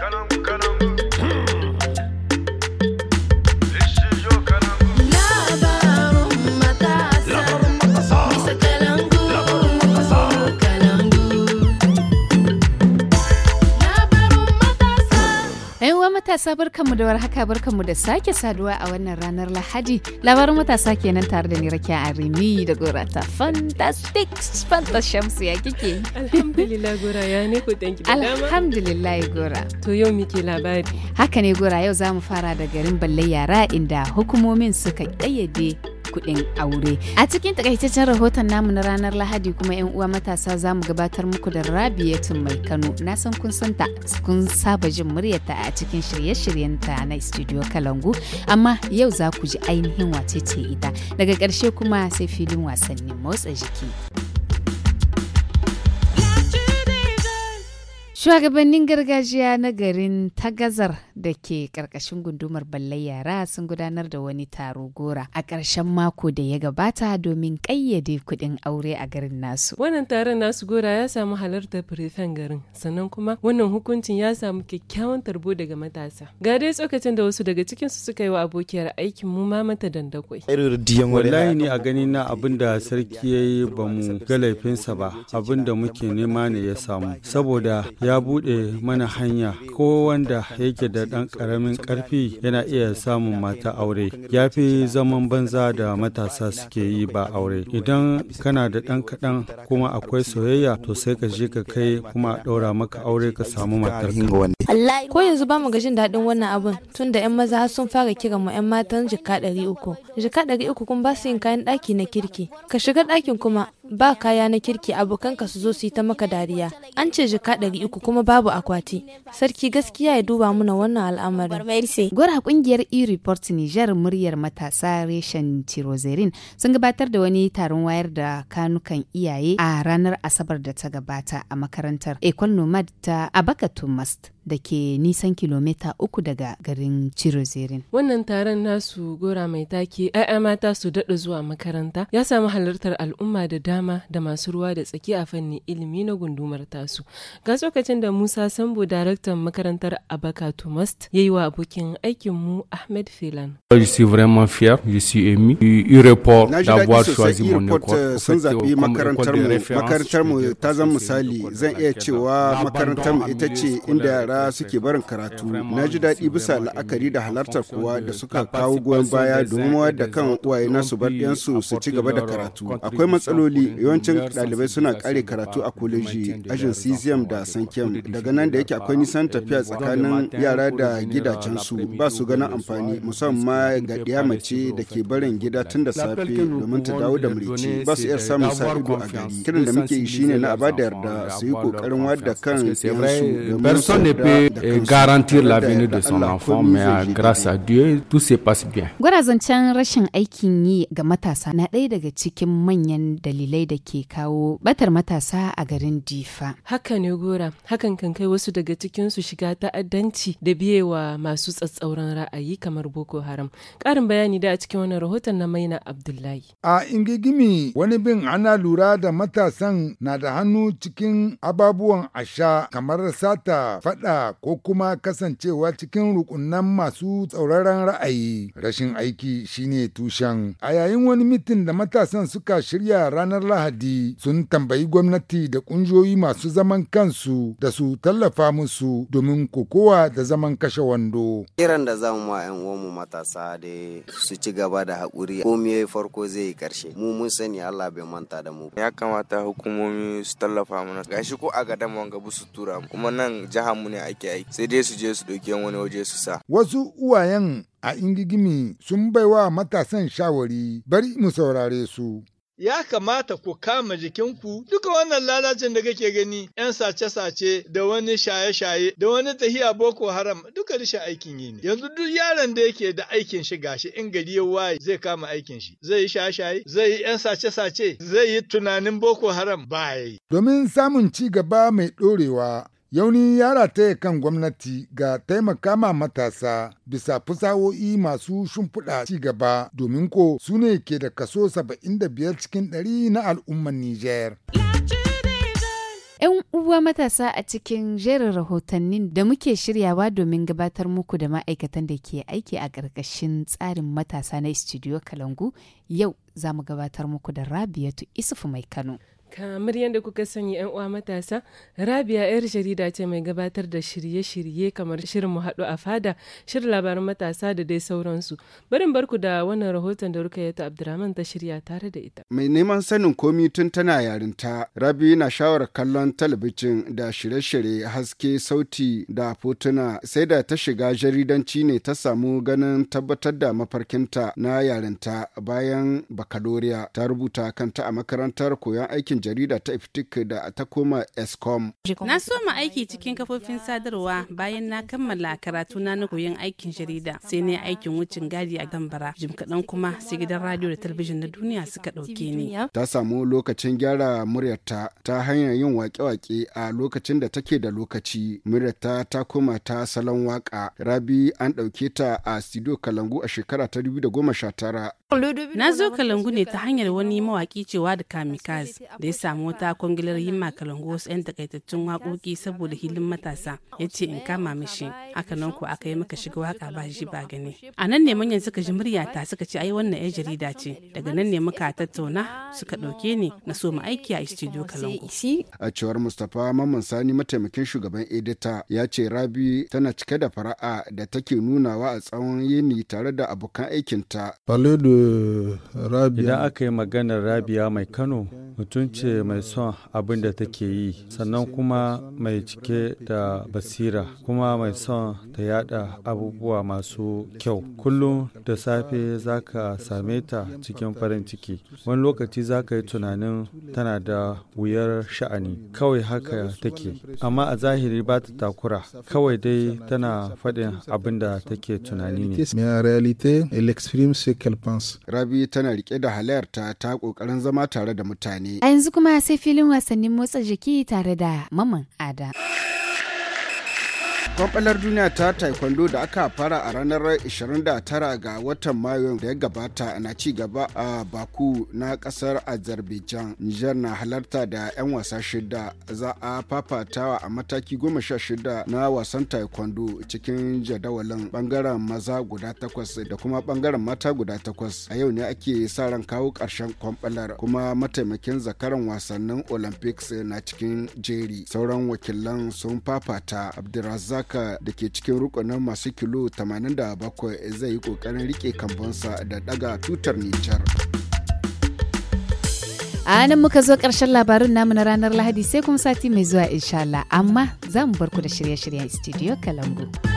Gun on. matasa barkanmu da warhaka barkanmu da sake saduwa a wannan ranar Lahadi. Labarin matasa kenan tare da ni Rakiya Arimi da Gora ta fantastic fanta shamsu ya kike. Alhamdulillah Gora ya ne ku danki da dama. Alhamdulillah Gora. To yau muke labari. Haka ne Gora yau za mu fara da garin Balle Yara inda hukumomin suka kayyade kuɗin aure. A cikin takaitaccen rahoton namu na ranar Lahadi kuma 'yan uwa matasa za mu gabatar muku da rabiyatun mai Kano. Na san kun santa kun saba jin muryarta a cikin shirye shiryen ta na Studio Kalangu, amma yau za ku ji ainihin wace ce ita. Daga ƙarshe kuma sai filin wasannin motsa jiki. Shugabannin gargajiya na garin Tagazar da ke karkashin gundumar ballai yara sun gudanar da wani taro gora a karshen mako da ya gabata domin ƙayyade kuɗin aure a garin nasu. Wannan taron nasu gora ya samu halartar firifan garin sannan kuma wannan hukuncin ya samu kyakkyawan tarbo daga matasa. Ga dai tsokacin da wasu daga cikin su suka yi wa abokiyar aikin mu ma mata dandakwai. Wallahi ne a gani na abin da sarki ya yi ba mu ga laifinsa ba abin da muke nema ne ya samu saboda ya ya buɗe mana hanya ko wanda yake da ɗan ƙaramin ƙarfi yana iya samun mata aure ya fi zaman banza da matasa suke yi ba aure idan kana da ɗan kaɗan kuma akwai soyayya to sai ka je ka kai kuma a ɗaura maka aure ka samu matar ko yanzu ba mu ga jin daɗin wannan abun tun da 'yan maza sun fara kiran mu 'yan matan jika ɗari uku jika ɗari uku kuma ba su yin kayan ɗaki na kirki ka shiga ɗakin kuma ba kaya na kirki abokanka su zo su yi ta maka dariya an ce jika ɗari uku kuma babu akwati sarki gaskiya ya duba muna wannan al'amarin gwara kungiyar e-report niger muryar matasa reshen tirozerin sun gabatar da wani taron wayar da kanukan iyaye a ranar asabar da ta gabata a makarantar ecol nomad ta abakatu mast da ke nisan kilomita uku daga garin Cirozerin. Wannan taron nasu gora mai take ‘ya'ya mata su daɗa zuwa makaranta ya samu halartar al'umma da dama da masu ruwa da tsaki a fanni ilimi na gundumar tasu. Ga tsokacin da Musa Sambo daraktan makarantar Abaka must ya yi wa abokin aikin mu Ahmed Filan. Je suis vraiment fier, je suis ému, report d'avoir choisi mon école. Euh, sun zaɓi makarantar mu, makarantar mu ta zan misali, zan iya cewa makarantar mu ita ce inda yara suke barin karatu na ji daɗi bisa la'akari da halartar kowa da suka kawo goyon baya domin wayar da kan uwaye nasu bar su ci gaba da karatu akwai matsaloli yawancin ɗalibai suna kare karatu a koleji ajin cesium da sankem daga nan da yake akwai nisan tafiya tsakanin yara da gidajensu ba su ganin amfani musamman ga ɗiya mace da ke barin gida tun da safe domin ta dawo da mulki ba su iya samun sa ido a gari kiran da muke yi shine na a ba da yarda su yi ƙoƙarin da kan ɗiyansu domin su peut euh, garantir l'avenir de son enfant, mais grâce à Dieu, tout se passe bien. Gwarazancan rashin aikin yi ga matasa na ɗaya daga cikin manyan dalilai da ke kawo batar matasa a garin Difa. Haka ne gora, hakan kan kai wasu daga cikin su shiga ta'addanci da biyewa masu tsatsauran ra'ayi kamar Boko Haram. Ƙarin bayani da a cikin wannan rahoton na Maina Abdullahi. A Ingigimi wani bin ana lura da matasan na da hannu cikin ababuwan asha kamar sata, fada. ko kuma kasancewa cikin rukunan masu tsauraran ra'ayi. Rashin aiki shine tushen. A yayin wani mitin da matasan suka shirya ranar Lahadi sun tambayi gwamnati da ƙungiyoyi masu zaman kansu da su tallafa musu domin kokowa da zaman kashe wando. Kiran da zamu ma 'yan uwanmu matasa da su ci gaba da haƙuri komai farko zai yi ƙarshe. Mu mun sani Allah bai manta da mu. Ya kamata hukumomi su tallafa mana. Gashi ko a gadan wanga su tura Kuma nan jiha mu ne ake aiki sai dai su je su ɗauki wani waje su sa. Wasu uwayen a ingigimi sun baiwa matasan shawari bari mu saurare su. ya kamata ku kama jikinku duka wannan lalacin da kake gani yan sace-sace da wani shaye-shaye da wani tahiya boko haram duka rishin aikin yi ne yanzu duk yaron da yake da aikin shi gashi in gari ya waye zai kama aikin shi zai yi shaye-shaye zai yi yan sace-sace zai yi tunanin boko haram ba yi domin samun ci gaba mai ɗorewa. Yauni ya rataya kan gwamnati ga taimaka ma matasa bisa fusawo'i masu shimfiɗa ci gaba domin ko su ne ke da kaso 75 cikin 100 na al'ummar Nijar. 'yan uwa matasa a cikin jerin rahotannin da muke shiryawa domin gabatar muku da ma'aikatan da ke aiki a ƙarƙashin tsarin matasa na studio kalangu yau za mu gabatar muku da rabiatu isufu mai kano kamar yadda kuka sani yan uwa matasa rabia yar jarida ce mai gabatar da shirye-shirye kamar shirin mu haɗu a fada shirin labarin matasa da dai sauransu barin barku da wannan rahoton da rukayatu abdurrahman ta shirya tare da ita mai neman sanin komi tun tana yarinta rabi na shawarar kallon talabijin da shirye-shirye haske sauti da fotuna sai da ta shiga jaridanci ne ta samu ganin tabbatar da mafarkinta na yarinta bayan bakaloriya ta rubuta kanta a makarantar koyon aikin jarida ta iftik da ta koma escom na soma aiki cikin kafofin sadarwa bayan na kammala karatu na na koyon aikin jarida sai na aikin wucin gadi a gambara jim kaɗan kuma sai gidan radio da talabijin na duniya suka ɗauke ni ta samu lokacin gyara muryarta ta hanyar yin wake-wake a lokacin da take da lokaci muryarta ta koma ta salon waka rabi an ɗauke ta a studio kalangu a shekara ta tara. Na zo kalangu ne ta hanyar wani mawaki cewa da kamikaz da ya samu wata kwangilar yin makalangu wasu 'yan takaitattun waƙoƙi saboda hilin matasa ya ce in kama mishi aka nan ko aka yi maka shiga waka ba shi ba gani. A nan ne manyan suka ji muryata suka ce ai wannan 'yan jarida ce daga nan ne muka tattauna suka ɗauke ni na so mu aiki a studio kalangu. A cewar Mustapha Mamman Sani mataimakin shugaban edita ya ce Rabi tana cike da fara'a da take nunawa a tsawon yini tare da abokan aikinta. Faledo Idan aka yi maganar Rabia mai Kano, mutum ce mai son abin da take yi, sannan kuma mai cike da basira, kuma mai son ta yada abubuwa masu kyau. Kullum da safe za ka same ta cikin farin ciki. Wani lokaci za ka yi tunanin tana da wuyar sha'ani, kawai haka take. Amma a zahiri ba ta takura, kawai dai tana faɗin abin da take tunani ne. Rabi tana rike da halayarta ta kokarin zama tare da mutane. A yanzu kuma sai filin wasannin motsa jiki tare da Maman Ada. kwamfalar duniya ta taekwondo da aka fara a ranar 29 ga watan mayu da ya gabata na ci gaba a baku na kasar azerbaijan nijar na halarta da 'yan wasa shida za a fafatawa a mataki 16 na wasan taekwondo cikin jadawalin bangaren maza guda takwas da kuma bangaren mata guda takwas a yau ne ake sa ran kawo karshen kwamfalar kuma mataimakin zakaran wasannin olympics na cikin jeri sauran wakilan sun fafata abdulrazak haka da ke cikin rukunin masu kilo 87 zai yi kokarin rike kambansa da daga tutar nijar a nan muka zo ƙarshen labarin namu na ranar lahadi sai kuma sati mai zuwa insha Allah amma za mu bar ku da shirye-shiryen studio kalangu.